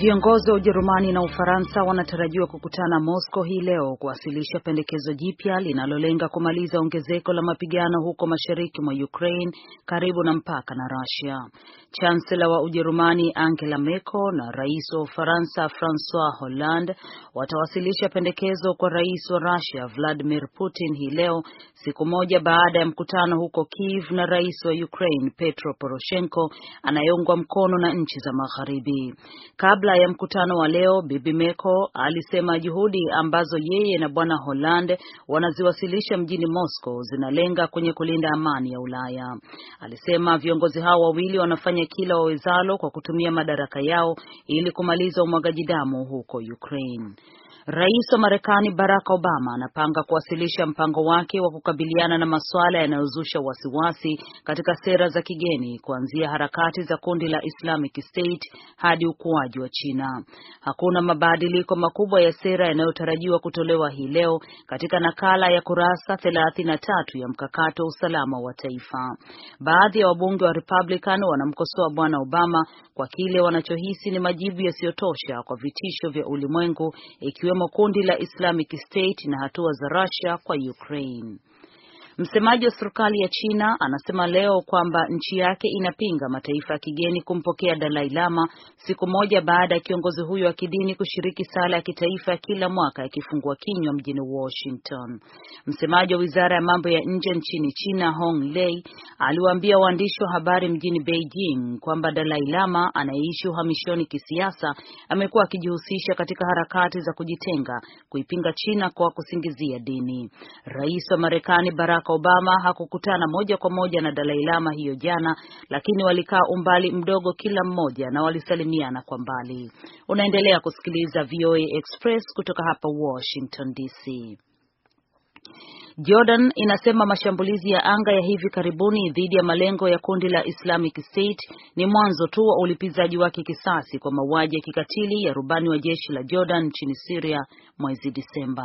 Viongozi wa Ujerumani na Ufaransa wanatarajiwa kukutana Moscow hii leo kuwasilisha pendekezo jipya linalolenga kumaliza ongezeko la mapigano huko mashariki mwa Ukraine karibu na mpaka na Russia. Chancellor wa Ujerumani Angela Merkel na Rais wa Ufaransa Francois Hollande watawasilisha pendekezo kwa Rais wa Russia Vladimir Putin hii leo siku moja baada ya mkutano huko Kiev na Rais wa Ukraine Petro Poroshenko anayeungwa mkono na nchi za Magharibi. Kabla Kabla ya mkutano wa leo, Bibi meko alisema juhudi ambazo yeye na Bwana Holland wanaziwasilisha mjini Moscow zinalenga kwenye kulinda amani ya Ulaya. Alisema viongozi hao wawili wanafanya kila wawezalo kwa kutumia madaraka yao ili kumaliza umwagaji damu huko Ukraine. Rais wa Marekani Barack Obama anapanga kuwasilisha mpango wake wa kukabiliana na masuala yanayozusha wasiwasi katika sera za kigeni kuanzia harakati za kundi la Islamic State hadi ukuaji wa China. Hakuna mabadiliko makubwa ya sera yanayotarajiwa kutolewa hii leo katika nakala ya kurasa 33 ya mkakati wa usalama wa taifa. Baadhi ya wabunge wa Republican wanamkosoa Bwana Obama kwa kile wanachohisi ni majibu yasiyotosha kwa vitisho vya ulimwengu ikiwa likiwemo kundi la Islamic State na hatua za Russia kwa Ukraine. Msemaji wa serikali ya China anasema leo kwamba nchi yake inapinga mataifa ya kigeni kumpokea Dalai Lama siku moja baada ya kiongozi huyo wa kidini kushiriki sala ya kitaifa ya kila mwaka yakifungua kinywa mjini Washington. Msemaji wa Wizara ya Mambo ya Nje nchini China, Hong Lei, aliwaambia waandishi wa habari mjini Beijing kwamba Dalai Lama anayeishi uhamishoni kisiasa amekuwa akijihusisha katika harakati za kujitenga kuipinga China kwa kusingizia dini. Rais wa Marekani Barack Barack Obama hakukutana moja kwa moja na Dalai Lama hiyo jana, lakini walikaa umbali mdogo kila mmoja na walisalimiana kwa mbali. Unaendelea kusikiliza VOA Express kutoka hapa Washington DC. Jordan inasema mashambulizi ya anga ya hivi karibuni dhidi ya malengo ya kundi la Islamic State ni mwanzo tu wa ulipizaji wake kisasi kwa mauaji ya kikatili ya rubani wa jeshi la Jordan nchini Syria mwezi Disemba.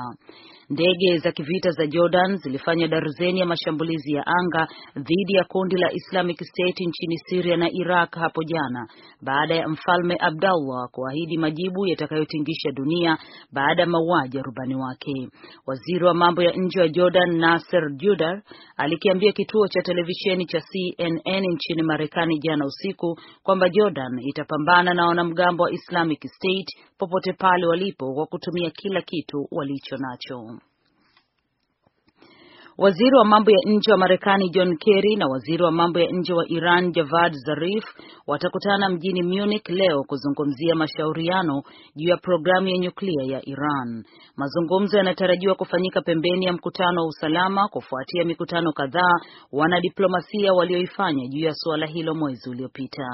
Ndege za kivita za Jordan zilifanya darzeni ya mashambulizi ya anga dhidi ya kundi la Islamic State nchini Syria na Iraq hapo jana baada ya Mfalme Abdullah kuahidi majibu yatakayotingisha dunia baada ya mauaji ya rubani wake. Waziri wa mambo ya nje wa Jordan Sudan Nasser Judar alikiambia kituo cha televisheni cha CNN nchini Marekani jana usiku kwamba Jordan itapambana na wanamgambo wa Islamic State popote pale walipo kwa kutumia kila kitu walicho nacho. Waziri wa mambo ya nje wa Marekani John Kerry na waziri wa mambo ya nje wa Iran Javad Zarif watakutana mjini Munich leo kuzungumzia mashauriano juu ya programu ya nyuklia ya Iran. Mazungumzo yanatarajiwa kufanyika pembeni ya mkutano wa usalama kufuatia mikutano kadhaa wanadiplomasia walioifanya juu ya suala hilo mwezi uliopita.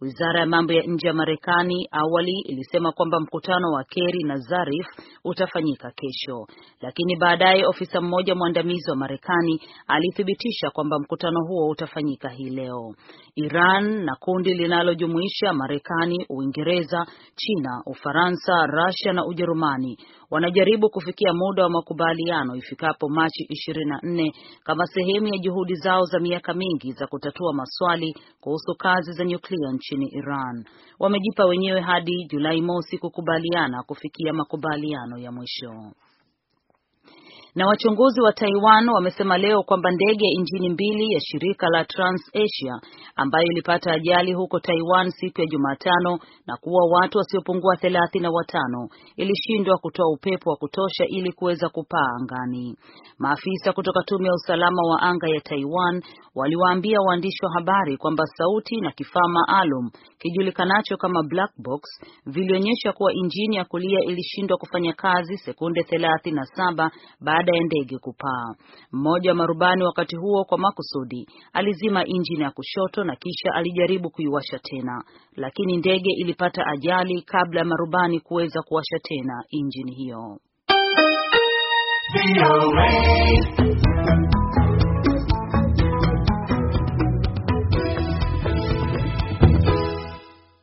Wizara ya mambo ya nje ya Marekani awali ilisema kwamba mkutano wa Kerry na Zarif utafanyika kesho, lakini baadaye ofisa mmoja mwandamizi wa Marekani alithibitisha kwamba mkutano huo utafanyika hii leo. Iran na kundi linalojumuisha Marekani, Uingereza, China, Ufaransa, Russia na Ujerumani wanajaribu kufikia muda wa makubaliano ifikapo Machi 24 kama sehemu ya juhudi zao za miaka mingi za kutatua maswali kuhusu kazi za nyuklia nchini Iran. Wamejipa wenyewe hadi Julai mosi kukubaliana kufikia makubaliano ya mwisho. Na wachunguzi wa Taiwan wamesema leo kwamba ndege ya injini mbili ya shirika la TransAsia ambayo ilipata ajali huko Taiwan siku ya Jumatano na kuwa watu wasiopungua thelathini na watano ilishindwa kutoa upepo wa kutosha ili kuweza kupaa angani. Maafisa kutoka tume ya usalama wa anga ya Taiwan waliwaambia waandishi wa habari kwamba sauti na kifaa maalum kijulikanacho kama black box vilionyesha kuwa injini ya kulia ilishindwa kufanya kazi sekunde 37 baada baada ya ndege kupaa. Mmoja wa marubani wakati huo kwa makusudi alizima injini ya kushoto na kisha alijaribu kuiwasha tena, lakini ndege ilipata ajali kabla ya marubani kuweza kuwasha tena injini hiyo.